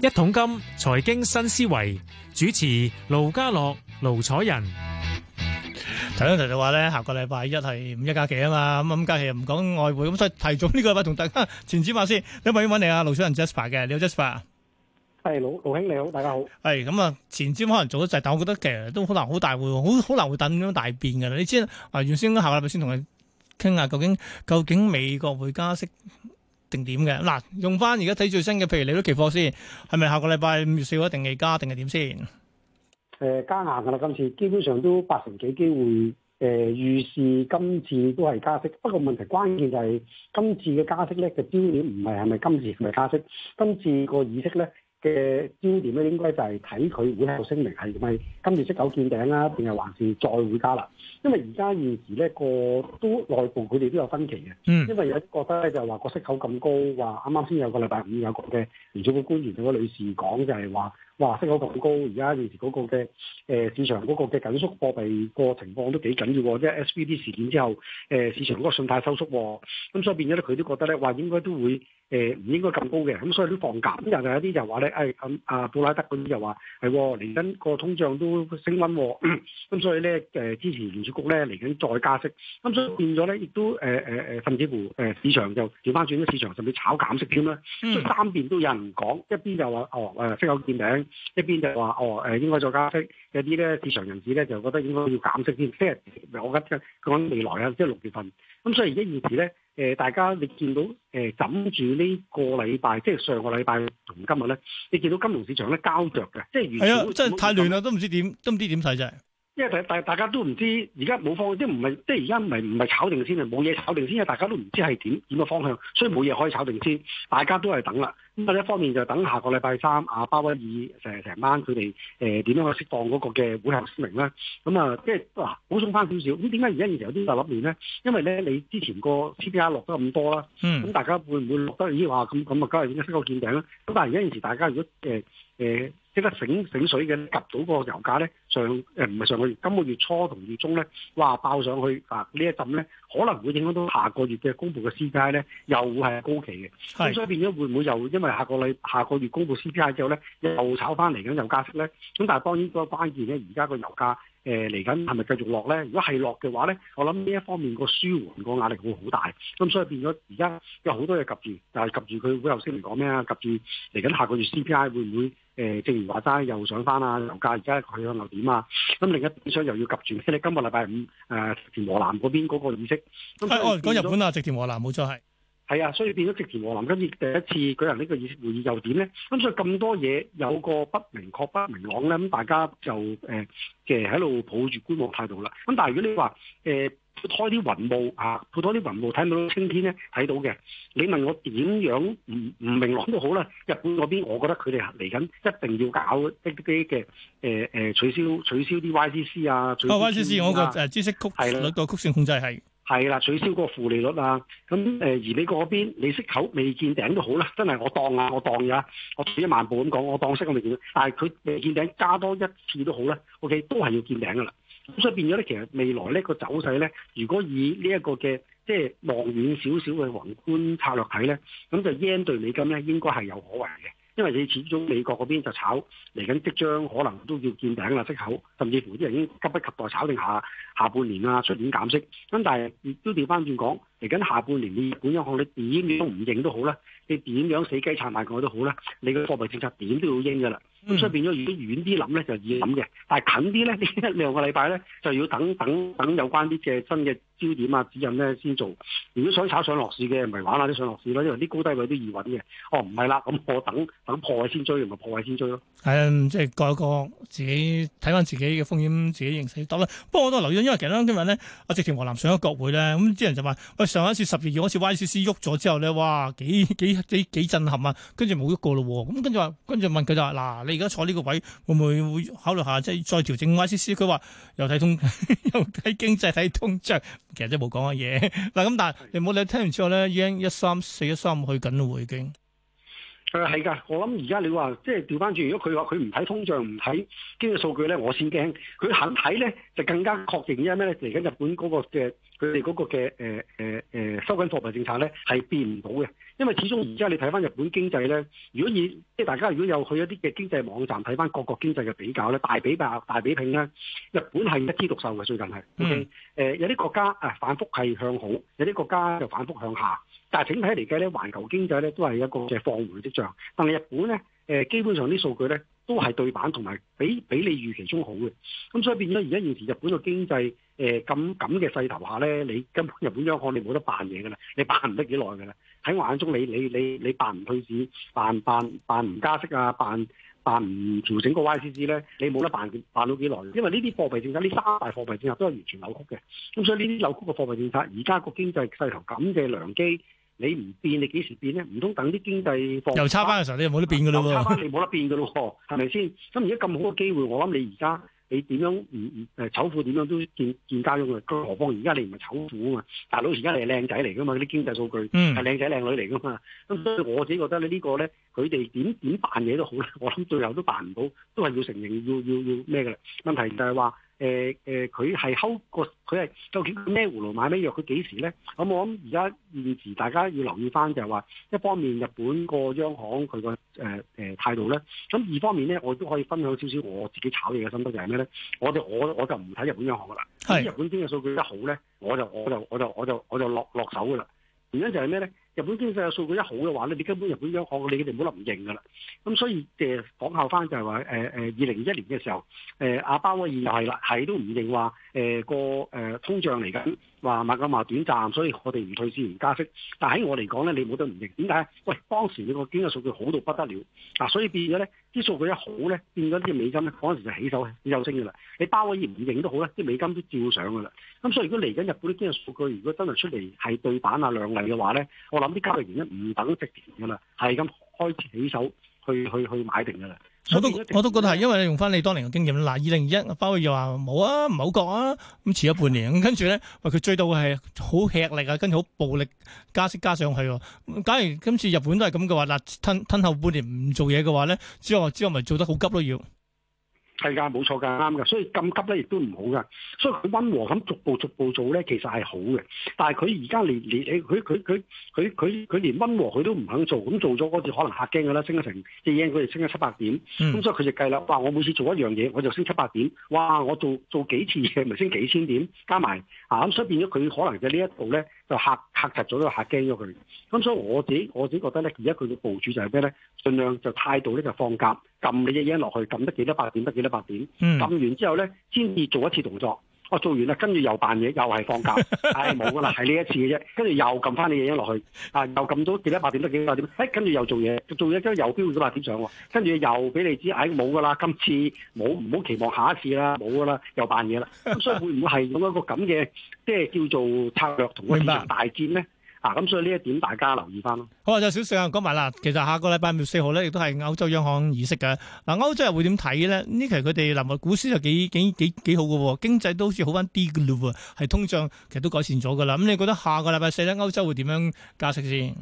一桶金財經新思維，主持盧家樂、盧楚仁，頭先提到話咧，下個禮拜一係五一假期啊嘛，咁咁假期又唔講外匯，咁所以提早呢個禮拜同大家前瞻下先。因為要揾你啊，盧楚仁 Jasper 嘅，你好 Jasper。係盧，盧兄你好，大家好。係咁啊，前瞻可能做得滯，但我覺得其實都好難好大會，好好難會等咁樣大變噶啦。你知啊，原先嗰下禮拜先同佢傾下，究竟究竟美國會加息？定點嘅，嗱，用翻而家睇最新嘅，譬如利率期貨先，係咪下個禮拜五月四號一定係加定係點先？誒加硬㗎啦，今次基本上都八成幾機會誒預示今次都係加息。不過問題關鍵就係今次嘅加息咧嘅焦點唔係係咪今次係咪加息，今次個意識咧。嘅焦點咧，應該就係睇佢會後聲明係咪今月息口見頂啦、啊，定係還是再會加啦？因為而家現時咧個都內部佢哋都有分歧嘅，因為有啲覺得咧就話個息口咁高，話啱啱先有個禮拜五有個嘅聯儲局官員對個女士講就係話。哇！息口咁高，而家現時嗰個嘅、呃、市場嗰個嘅緊縮貨幣個情況都幾緊要喎，即係、mm -hmm. SBD 事件之後，呃、市場嗰個信貸收縮，咁、嗯、所以變咗咧，佢都覺得咧，話應該都會唔、呃、應該咁高嘅，咁、嗯、所以都放緊。咁又有有啲就話咧，哎，咁、啊、阿布拉德嗰啲就話係喎，嚟緊個通脹都升溫，咁、嗯嗯、所以咧、呃、支持聯儲局咧嚟緊再加息，咁、嗯、所以變咗咧，亦都、呃、甚至乎、呃、市場就調翻轉咗，市場甚至炒減息添啦。所以三邊都有人講，一邊就話哦息口見頂。啊一邊就話哦誒，應該再加息，有啲咧市場人士咧就覺得應該要減息先。即係、 就是、我而家講未來啦，即係六月份。咁所以而家現時咧誒，大家你見到誒，枕住呢個禮拜，即係上個禮拜同今日咧，你見到金融市場咧膠着嘅，即係完全真係太亂啦，都唔知點，都唔知點睇啫。 大即大，大家都唔知，而家冇方即係唔係，即而家唔係唔炒定先啊！冇嘢炒定先，大家都唔知係點點個方向，所以冇嘢可以炒定先。大家都係等啦。咁啊，一方面就等下個禮拜三阿鮑威爾日成晚佢哋誒點樣去釋放嗰個嘅會後聲明啦。咁啊，即係嗱補充翻少少。咁點解而家有啲大笠面咧？因為咧你之前個 CPI 落得咁多啦，咁大家會唔會落得呢話咁咁啊，梗日點解升到見頂啦。咁但係而家有時大家如果、呃呃即刻醒醒水嘅，及到個油價咧上，誒唔係上個月，今個月初同月中咧，哇爆上去啊！呢一陣咧，可能會影響到下個月嘅公布嘅 CPI 咧，又會係高企嘅。咁所以變咗會唔會又因為下個禮下個月公布 CPI 之後咧，又炒翻嚟咁又加息咧？咁但係當然個關鍵咧，而家個油價。誒嚟緊係咪繼續落咧？如果係落嘅話咧，我諗呢一方面個舒緩個壓力會好大，咁所以變咗而家有好多嘢及住，但係及住佢會後先嚟講咩啊？及住嚟緊下個月 CPI 會唔會誒？正如話齋又上翻啊？油價而家佢向又點啊？咁另一點想又要及住咩你今、呃那那個哎哦、日禮拜五誒，植田和男嗰邊嗰個議息，講日本啊，植田和男冇錯係。係啊，所以變咗植田和男今次第一次舉行呢個議會議又點咧？咁所以咁多嘢有個不明確不明、呃呃不、不明朗咧，咁大家就其嘅喺度抱住觀望態度啦。咁但係如果你話誒撥開啲雲霧啊，撥開啲雲霧睇唔到青天咧，睇到嘅。你問我點樣唔唔明朗都好啦。日本嗰邊，我覺得佢哋嚟緊一定要搞一啲嘅誒誒取消取消啲 YCC 啊，啊、oh,，YCC 我個誒知識曲率個曲線控制係。係啦，取消嗰個負利率啦、啊，咁誒而你嗰邊，你息口未見頂都好啦，真係我當啊，我當呀、啊，我退一萬步咁講，我當息我未見頂但係佢未見頂加多一次好、OK? 都好啦 OK 都係要見頂噶啦，咁所以變咗咧，其實未來呢個走勢咧，如果以呢一個嘅即係望遠少少嘅宏觀策略睇咧，咁就 yen 對美金咧應該係有可為嘅。因為你始終美國嗰邊就炒嚟緊，即將可能都要見頂啦，息口，甚至乎啲人已經急不及待炒定下下半年啊，出年減息。咁但係亦都調翻轉講，嚟緊下，下半年日本央行你點都唔認都好啦，你點樣死雞撐埋佢都好啦，你個貨幣政策點都要應㗎啦。咁出以咗，如、嗯、果遠啲諗咧，就易諗嘅；但係近啲咧，呢一兩個禮拜咧，就要等等等有關啲嘅新嘅焦點啊指引咧先做。如果想炒上落市嘅，咪玩下啲上落市咯，因為啲高低位都易揾嘅。哦，唔係啦，咁我等等破位先追，咪破位先追咯。係、嗯、啊，即、就、係、是、各有各，自己睇翻自己嘅風險，自己認識多啦。不過我都留意到，因為其實今日咧，我直情和男上咗國會咧，咁啲人就話：喂，上一次十二月開始 YCC 喐咗之後咧，哇，幾幾幾幾震撼啊！跟住冇喐過咯喎，咁跟住話，跟住問佢就話：嗱，而家坐呢個位，會唔會會考慮下即係再調整 YCC？佢話又睇通，呵呵又睇經濟睇通脹，其實真係冇講嘅嘢。嗱咁，但係你冇理。聽完之後咧已經 Yen 一三四一三去緊了已經。誒係噶，我諗而家你話即係調翻轉，如果佢話佢唔睇通脹，唔睇經濟數據咧，我先驚。佢肯睇咧，就更加確定。因為咩咧？嚟緊日本嗰個嘅佢哋嗰個嘅、呃、收緊貨幣政策咧，係變唔到嘅。因為始終而家你睇翻日本經濟咧，如果以即係大家如果有去一啲嘅經濟網站睇翻各國經濟嘅比較咧，大比拼、大比拼咧，日本係一枝獨秀嘅。最近係、嗯呃，有啲國家啊，反覆係向好，有啲國家就反覆向下。但係整體嚟計咧，環球經濟咧都係一個即放緩嘅跡象。但係日本咧，誒基本上啲數據咧都係對版同埋比比你預期中好嘅。咁所以變咗而家現時日本個經濟誒咁咁嘅勢頭下咧，你根本日本央行你冇得扮嘢㗎啦，你扮唔得幾耐㗎啦。喺我眼中你，你你你你扮唔退市，扮扮扮唔加息啊，扮扮唔調整個 YCC 咧，你冇得扮扮到幾耐。因為呢啲貨幣政策，呢三大貨幣政策都係完全扭曲嘅。咁所以呢啲扭曲嘅貨幣政策，而家個經濟勢頭咁嘅良機。你唔變，你幾時變咧？唔通等啲經濟又差翻嘅時候，你又冇得變噶啦？又差翻，你冇得變噶咯？係咪先？咁而家咁好嘅機會，我諗你而家你點樣唔唔誒，醜婦點樣都見見家用嘅？何況而家你唔係醜婦啊嘛？大佬而家你係靚仔嚟噶嘛？啲經濟數據係靚仔靚女嚟噶嘛？咁所以我自己覺得你呢個咧。佢哋點點辦嘢都好咧，我諗最後都辦唔到，都係要承認，要要要咩嘅啦？問題就係話，誒、呃、誒，佢係偷個，佢係究竟咩葫蘆買咩藥？佢幾時咧？咁、嗯、我諗而家現時大家要留意翻就係話，一方面日本個央行佢個誒誒態度咧，咁二方面咧，我都可以分享少少我自己炒嘢嘅心得，就係咩咧？我哋我我就唔睇日本央行噶啦，日本經濟數據一好咧，我就我就我就我就我就落落手噶啦，原因就係咩咧？日本經濟嘅數據一好嘅話咧，你根本日本央行你哋冇得唔認㗎喇。咁所以誒，講效返就係話誒誒，二零一年嘅時候，誒、呃、阿鮑威爾又係啦，係都唔認話個、呃呃、通脹嚟緊。話買咁賣短暫，所以我哋唔退市唔加息。但喺我嚟講咧，你冇得唔認。點解？喂，當時你個經濟數據好到不得了，嗱，所以變咗咧啲數據一好咧，變咗啲美金咧，嗰陣時就起手有升噶啦。你鮑威爾唔認都好咧，啲美金都照上噶啦。咁所以如果嚟緊日本啲經濟數據，如果真係出嚟係對版啊亮麗嘅話咧，我諗啲交易原因唔等值錢噶啦，係咁開始起手去去去買定噶啦。我都我都覺得係，因為用翻你當年嘅經驗。嗱，二零二一包偉又話冇啊，唔好覺啊，咁遲咗半年。咁跟住咧，喂，佢追到係好吃力啊，跟住好暴力加息加上去啊。假如今次日本都係咁嘅話，嗱，吞吞後半年唔做嘢嘅話咧，之後之後咪做得好急咯要。係㗎，冇錯㗎，啱㗎，所以咁急咧亦都唔好㗎，所以佢溫和咁逐步逐步做咧，其實係好嘅。但係佢而家連連佢佢佢佢佢佢連溫和佢都唔肯做，咁做咗嗰陣可能嚇驚㗎啦，升咗成幾億，佢就升咗七八點，咁、嗯、所以佢就計啦，哇！我每次做一樣嘢，我就升七八點，哇！我做做幾次嘢，咪升幾千點加，加埋啊咁，所以變咗佢可能嘅呢一步咧。就吓吓窒咗，呢個嚇驚咗佢。咁所以我自己我自己覺得咧，而家佢嘅部署就係咩咧？儘量就態度咧就放鴿，撳你隻嘢落去，撳得幾多百點得幾多百點。撳完之後咧，先至做一次動作。我 做完啦，跟住又扮嘢，又係放假，唉、哎，冇噶啦，係呢一次嘅啫。跟住又撳翻你嘢落去，啊，又撳到幾多百點多幾多百點？誒，跟、哎、住又做嘢，做嘢之後又標咗百點上喎。跟、哦、住又俾你知，唉、哎，冇噶啦，今次冇，唔好期望下一次啦，冇噶啦，又扮嘢啦。咁所以會唔會係咁一個咁嘅，即係叫做策略同呢場大戰咧？嗱、啊，咁所以呢一點大家留意翻咯。好啊，就小四啊，講埋啦。其實下個禮拜五月四號咧，亦都係歐洲央行議息嘅。嗱，歐洲人會點睇咧？呢期佢哋嗱，股市就幾幾幾幾好嘅喎，經濟都好似好翻啲嘅嘞喎，係通脹其實都改善咗嘅啦。咁你覺得下個禮拜四咧，歐洲會點樣加息先？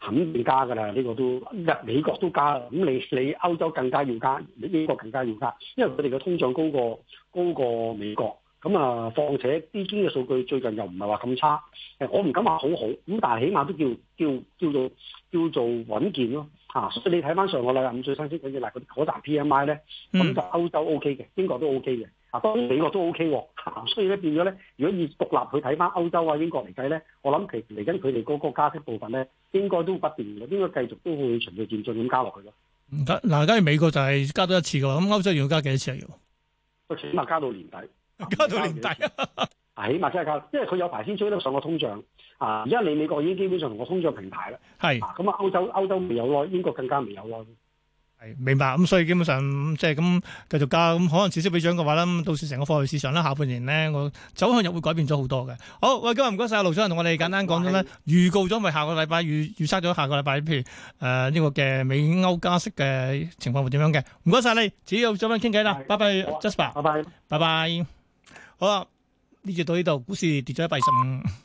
肯定加嘅啦，呢、這個都日美國都加了，咁你你歐洲更加要加，英國更加要加，因為佢哋嘅通脹高過高過美國。咁啊，況且啲堅嘅數據最近又唔係話咁差，誒，我唔敢話好好，咁但係起碼都叫叫叫做叫做穩健咯、嚇，所以你睇翻上個禮拜五最新先嗰啲嗱嗰隻 P M I 咧，咁就歐洲 O K 嘅，英國都 O K 嘅，啊，當然美國都 O K 喎。所以咧變咗咧，如果以獨立去睇翻歐洲啊、英國嚟計咧，我諗其實嚟緊佢哋嗰個加息部分咧，應該都不斷嘅，應該繼續都會循序漸進咁加落去咯。唔、嗯、得，嗱，咁而美國就係加多一次嘅話，咁歐洲要加幾多次啊要？佢起碼加到年底。加到年底、啊， 啊！起碼真係加。因為佢有排先追得上個通脹啊。而家你美國已經基本上同個通脹平牌啦。係咁啊，歐洲歐洲未有咯，英國更加未有咯。係明白咁，所以基本上即係咁繼續加咁，可能少少俾獎嘅話咧，到時成個貨幣市場啦。下半年咧，我走向又會改變咗好多嘅。好，喂，今日唔該晒盧楚仁同我哋簡單講咗咧，預告咗咪下個禮拜預預測咗下個禮拜，譬如誒呢、呃這個嘅美歐加息嘅情況會點樣嘅？唔該晒你，只要再翻傾偈啦，拜拜 Jasper，拜拜，拜拜。好啦，啊，呢只到呢度，股市跌咗一百十五。